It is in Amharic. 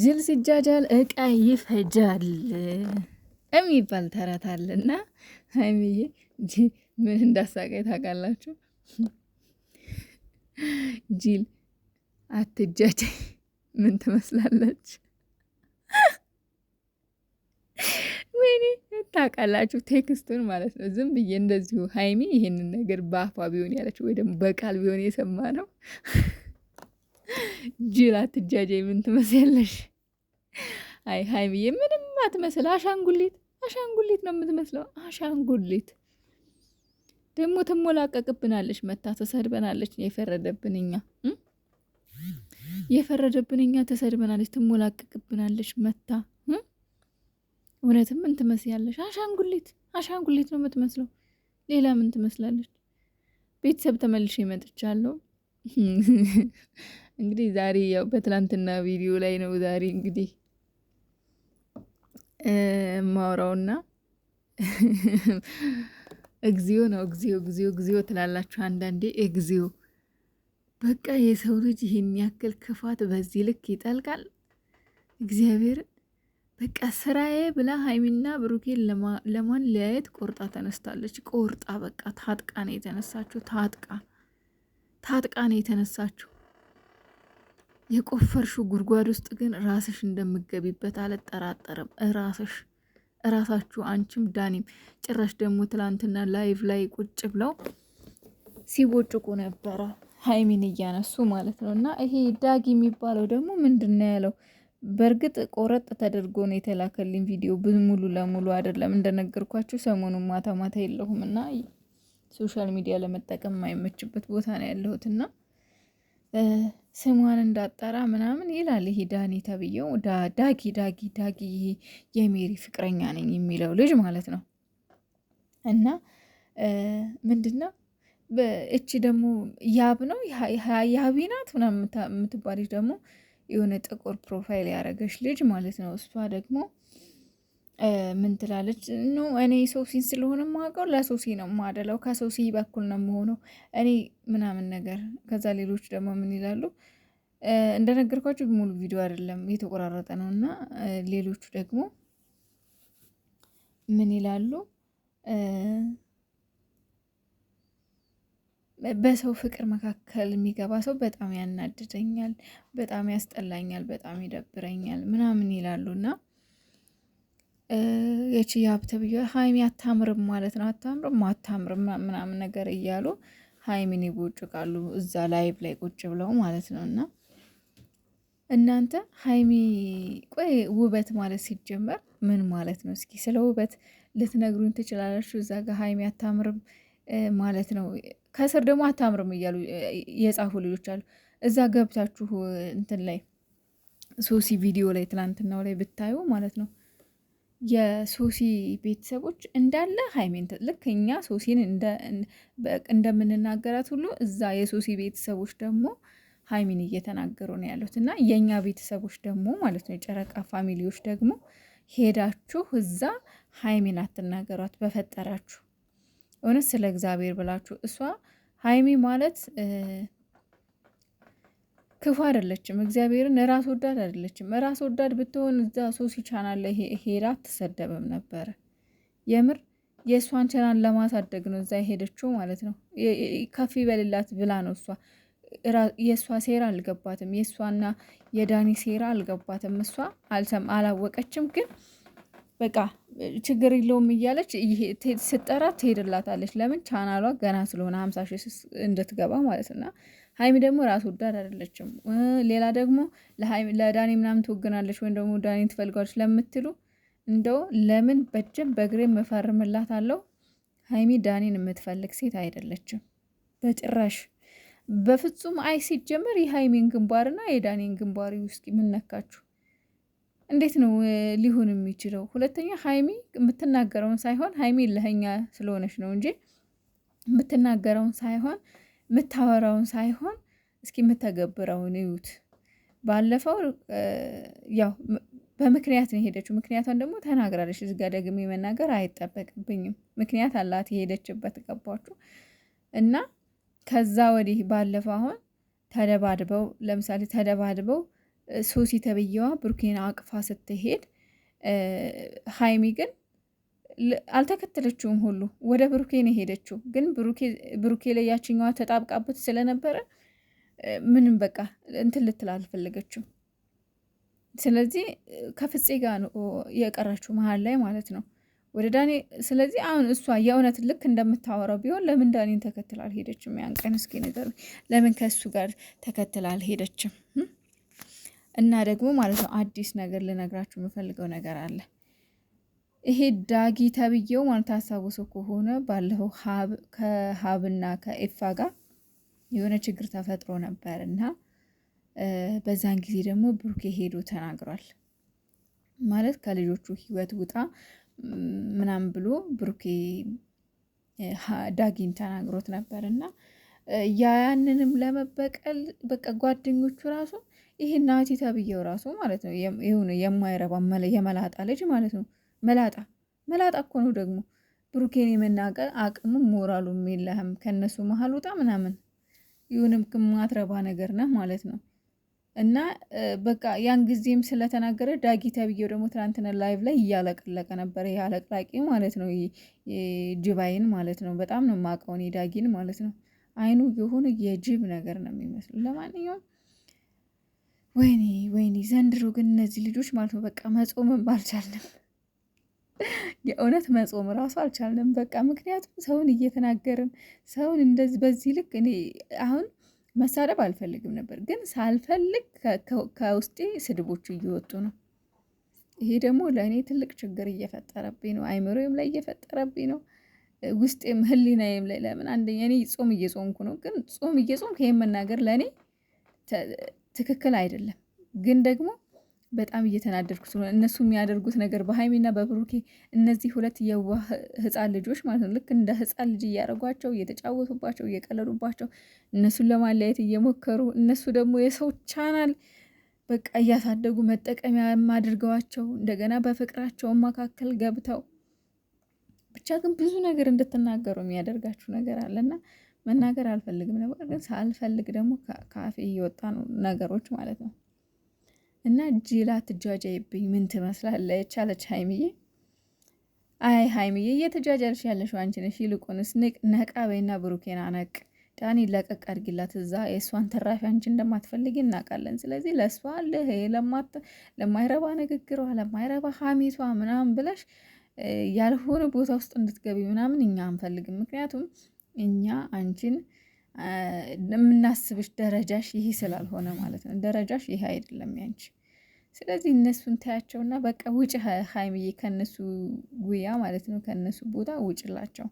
ጅል ሲጃጃል እቃ ይፈጃል የሚባል ተረት አለና ሀይሚዬ ምን እንዳሳቀኝ ታውቃላችሁ? ጅል አትጃጃይ ምን ትመስላለች? ወይኔ ታውቃላችሁ፣ ቴክስቱን ማለት ነው። ዝም ብዬ እንደዚሁ ሀይሚ ይሄንን ነገር በአፏ ቢሆን ያለችው ወይ ደግሞ በቃል ቢሆን የሰማ ነው ጅላ ትጃጃ ምን ትመስያለሽ? አይ ሀይሚዬ ምንም አትመስል፣ አሻንጉሊት አሻንጉሊት ነው የምትመስለው። አሻንጉሊት ደግሞ ትሞላቀቅብናለች፣ መታ ተሰድበናለች። የፈረደብንኛ እኛ ተሰድበናለች፣ ትሞላቀቅብናለች መታ። እውነትም ምን ትመስያለሽ? አሻንጉሊት አሻንጉሊት ነው የምትመስለው። ሌላ ምን ትመስላለች? ቤተሰብ ተመልሼ መጥቻለሁ። እንግዲህ ዛሬ ያው በትላንትና ቪዲዮ ላይ ነው ዛሬ እንግዲህ ማውራውና እግዚኦ ነው እግዚኦ እግዚኦ እግዚኦ ትላላችሁ አንዳንዴ እግዚኦ በቃ የሰው ልጅ ይህን ያክል ክፋት በዚህ ልክ ይጠልቃል እግዚአብሔርን በቃ ስራዬ ብላ ሀይሚና ብሩኬን ለማለያየት ቆርጣ ተነስታለች ቆርጣ በቃ ታጥቃ ነው የተነሳችሁ ታጥቃ ታጥቃ ነው የተነሳችሁ የቆፈርሽው ጉድጓድ ውስጥ ግን ራስሽ እንደምገቢበት አልጠራጠርም። ራስሽ እራሳችሁ አንቺም ዳኒም ጭራሽ ደግሞ ትላንትና ላይቭ ላይ ቁጭ ብለው ሲቦጭቁ ነበረ ሀይሚን እያነሱ ማለት ነው። እና ይሄ ዳጊ የሚባለው ደግሞ ምንድን ነው ያለው? በእርግጥ ቆረጥ ተደርጎ ነው የተላከልኝ ቪዲዮ ሙሉ ለሙሉ አይደለም። እንደነገርኳችሁ ሰሞኑን ማታ ማታ የለሁም እና ሶሻል ሚዲያ ለመጠቀም የማይመችበት ቦታ ነው ያለሁት እና ስሟን እንዳጠራ ምናምን ይላል። ይሄ ዳኒ ተብዬው ዳጊ ዳጊ ዳጊ ይሄ የሜሪ ፍቅረኛ ነኝ የሚለው ልጅ ማለት ነው። እና ምንድን ነው እቺ ደግሞ ያብ ነው ያቢ ናት ምናምን የምትባልች ደግሞ የሆነ ጥቁር ፕሮፋይል ያደረገች ልጅ ማለት ነው። እሷ ደግሞ ምን ትላለች? ኖ እኔ ሶሲን ስለሆነ ማውቀው ለሶሲ ነው ማደለው፣ ከሶሲ በኩል ነው የምሆነው እኔ ምናምን ነገር። ከዛ ሌሎች ደግሞ ምን ይላሉ? እንደነገርኳቸው ሙሉ ቪዲዮ አይደለም የተቆራረጠ ነው እና ሌሎቹ ደግሞ ምን ይላሉ? በሰው ፍቅር መካከል የሚገባ ሰው በጣም ያናድደኛል፣ በጣም ያስጠላኛል፣ በጣም ይደብረኛል ምናምን ይላሉ እና የችያ ሀብተ ሀይሚ አታምርም ማለት ነው አታምርም አታምርም ምናምን ነገር እያሉ ሀይሚን ይቦጭቃሉ እዛ ላይቭ ላይ ቁጭ ብለው ማለት ነው። እና እናንተ ሀይሚ ቆይ ውበት ማለት ሲጀመር ምን ማለት ነው? እስኪ ስለ ውበት ልትነግሩኝ ትችላላችሁ? እዛ ጋር ሀይሚ አታምርም ማለት ነው። ከስር ደግሞ አታምርም እያሉ የጻፉ ልጆች አሉ። እዛ ገብታችሁ እንትን ላይ ሶሲ ቪዲዮ ላይ ትናንትናው ላይ ብታዩ ማለት ነው የሶሲ ቤተሰቦች እንዳለ ሀይሜን ልክ እኛ ሶሲን እንደምንናገራት ሁሉ እዛ የሶሲ ቤተሰቦች ደግሞ ሀይሜን እየተናገሩ ነው ያሉት። እና የእኛ ቤተሰቦች ደግሞ ማለት ነው የጨረቃ ፋሚሊዎች ደግሞ ሄዳችሁ እዛ ሀይሜን አትናገሯት በፈጠራችሁ፣ እውነት ስለ እግዚአብሔር ብላችሁ እሷ ሀይሜ ማለት ክፉ አይደለችም። እግዚአብሔርን ራስ ወዳድ አይደለችም። ራስ ወዳድ ብትሆን እዛ ሶሲ ቻናል ሄዳ አትሰደብም ነበረ። የምር የእሷን ቻናል ለማሳደግ ነው እዛ የሄደችው ማለት ነው። ከፍ ይበልላት ብላ ነው እሷ የእሷ ሴራ አልገባትም። የእሷና የዳኒ ሴራ አልገባትም። እሷ አልሰም አላወቀችም። ግን በቃ ችግር የለውም እያለች ስጠራት ትሄድላታለች። ለምን ቻናሏ ገና ስለሆነ ሀምሳ ሺህ እንድትገባ ማለት ነው። ሀይሚ ደግሞ ራስ ወዳድ አይደለችም። ሌላ ደግሞ ለዳኔ ምናምን ትወግናለች ወይም ደግሞ ዳኒ ትፈልጓለች ለምትሉ እንደው ለምን በጀም በእግሬ መፈርምላት አለው። ሀይሚ ዳኔን የምትፈልግ ሴት አይደለችም በጭራሽ በፍጹም። አይ ሲጀመር የሀይሚን ግንባርና የዳኔን ግንባር ውስጥ የምነካችሁ እንዴት ነው ሊሆን የሚችለው? ሁለተኛ ሀይሚ የምትናገረውን ሳይሆን ሀይሚ ለህኛ ስለሆነች ነው እንጂ የምትናገረውን ሳይሆን የምታወራውን ሳይሆን እስኪ የምተገብረውን እዩት። ባለፈው ያው በምክንያት ነው የሄደችው። ምክንያቷን ደግሞ ተናግራለች። እዚጋ ጋ ደግሜ መናገር አይጠበቅብኝም። ምክንያት አላት የሄደችበት። ገባችሁ? እና ከዛ ወዲህ ባለፈው አሁን ተደባድበው ለምሳሌ ተደባድበው ሶሲ ተብዬዋ ብሩኬን አቅፋ ስትሄድ ሀይሚ ግን አልተከተለችውም ሁሉ ወደ ብሩኬ ነው የሄደችው። ግን ብሩኬ ላይ ያችኛዋ ተጣብቃበት ስለነበረ ምንም በቃ እንትን ልትል አልፈለገችው። ስለዚህ ከፍፄ ጋ ነው የቀረችው መሀል ላይ ማለት ነው ወደ ዳኔ። ስለዚህ አሁን እሷ የእውነት ልክ እንደምታወራው ቢሆን ለምን ዳኔን ተከትል አልሄደችም? ያን ቀን እስኪ ነገር ለምን ከእሱ ጋር ተከትል አልሄደችም? እና ደግሞ ማለት ነው አዲስ ነገር ልነግራችሁ የምፈልገው ነገር አለ ይሄ ዳጊ ተብዬው ማለት ታስታውሱ ከሆነ ባለፈው ከሀብና ከኤፋ ጋር የሆነ ችግር ተፈጥሮ ነበር እና በዛን ጊዜ ደግሞ ብሩኬ ሄዶ ተናግሯል። ማለት ከልጆቹ ህይወት ውጣ ምናምን ብሎ ብሩኬ ዳጊን ተናግሮት ነበር እና ያንንም ለመበቀል በቃ ጓደኞቹ ራሱ ይሄ ናቲ ተብዬው ራሱ ማለት ነው የሆነ የማይረባ የመላጣ ልጅ ማለት ነው መላጣ መላጣ እኮ ነው ደግሞ ብሩኬን የመናቀር አቅምም ሞራሉም የለህም። ከእነሱ መሀል ውጣ ምናምን ይሁንም ክማትረባ ነገር ነህ ማለት ነው። እና በቃ ያን ጊዜም ስለተናገረ ዳጊ ተብዬው ደግሞ ትናንትና ላይቭ ላይ እያለቀለቀ ነበረ። ይሄ አለቅላቂ ማለት ነው፣ ጅባይን ማለት ነው። በጣም ነው የማውቀውን የዳጊን ማለት ነው። አይኑ የሆነ የጅብ ነገር ነው የሚመስሉ። ለማንኛውም ወይኔ ወይኔ፣ ዘንድሮ ግን እነዚህ ልጆች ማለት ነው በቃ መጾምም ባልቻለም የእውነት መጾም ራሱ አልቻልንም። በቃ ምክንያቱም ሰውን እየተናገርን ሰውን እንደዚህ በዚህ ልክ እኔ አሁን መሳደብ አልፈልግም ነበር፣ ግን ሳልፈልግ ከውስጤ ስድቦቹ እየወጡ ነው። ይሄ ደግሞ ለእኔ ትልቅ ችግር እየፈጠረብኝ ነው። አይምሮዬም ላይ እየፈጠረብኝ ነው። ውስጤም ህሊናዬም ላይ ለምን አንደኛ እኔ ጾም እየጾምኩ ነው፣ ግን ጾም እየጾምኩ ይሄን መናገር ለእኔ ትክክል አይደለም። ግን ደግሞ በጣም እየተናደድኩ ስለሆነ እነሱ የሚያደርጉት ነገር በሀይሚና በብሩኬ እነዚህ ሁለት የዋህ ህፃን ልጆች ማለት ነው። ልክ እንደ ህፃን ልጅ እያደረጓቸው እየተጫወቱባቸው እየቀለዱባቸው እነሱን ለማለያየት እየሞከሩ እነሱ ደግሞ የሰው ቻናል በቃ እያሳደጉ መጠቀሚያ አድርገዋቸው እንደገና በፍቅራቸው መካከል ገብተው ብቻ ግን ብዙ ነገር እንድትናገሩ የሚያደርጋችሁ ነገር አለና መናገር አልፈልግም ነበር፣ ግን ሳልፈልግ ደግሞ ከአፌ እየወጣ ነው ነገሮች ማለት ነው። እና ጅላ አትጃጃይብኝ፣ ምን ትመስላለች አለች ሀይምዬ አይ ሀይምዬ እየተጃጃልሽ ያለሽ አንቺ ነሽ። ይልቁንስ ነቃ በይና ብሩኬን አነቅ ዳኒ ለቀቅ አድርጊላት። እዛ የእሷን ተራፊ አንቺ እንደማትፈልጊ እናውቃለን። ስለዚህ ለእሷ ለማይረባ ንግግሯ፣ ለማይረባ ሀሜቷ ምናምን ብለሽ ያልሆነ ቦታ ውስጥ እንድትገቢ ምናምን እኛ አንፈልግም። ምክንያቱም እኛ አንቺን የምናስብሽ ደረጃሽ ይሄ ስላልሆነ ማለት ነው። ደረጃሽ ይሄ አይደለም ያንቺ። ስለዚህ እነሱን ታያቸውና በቃ ውጭ ሀይምዬ ከነሱ ጉያ ማለት ነው ከነሱ ቦታ ውጭላቸው።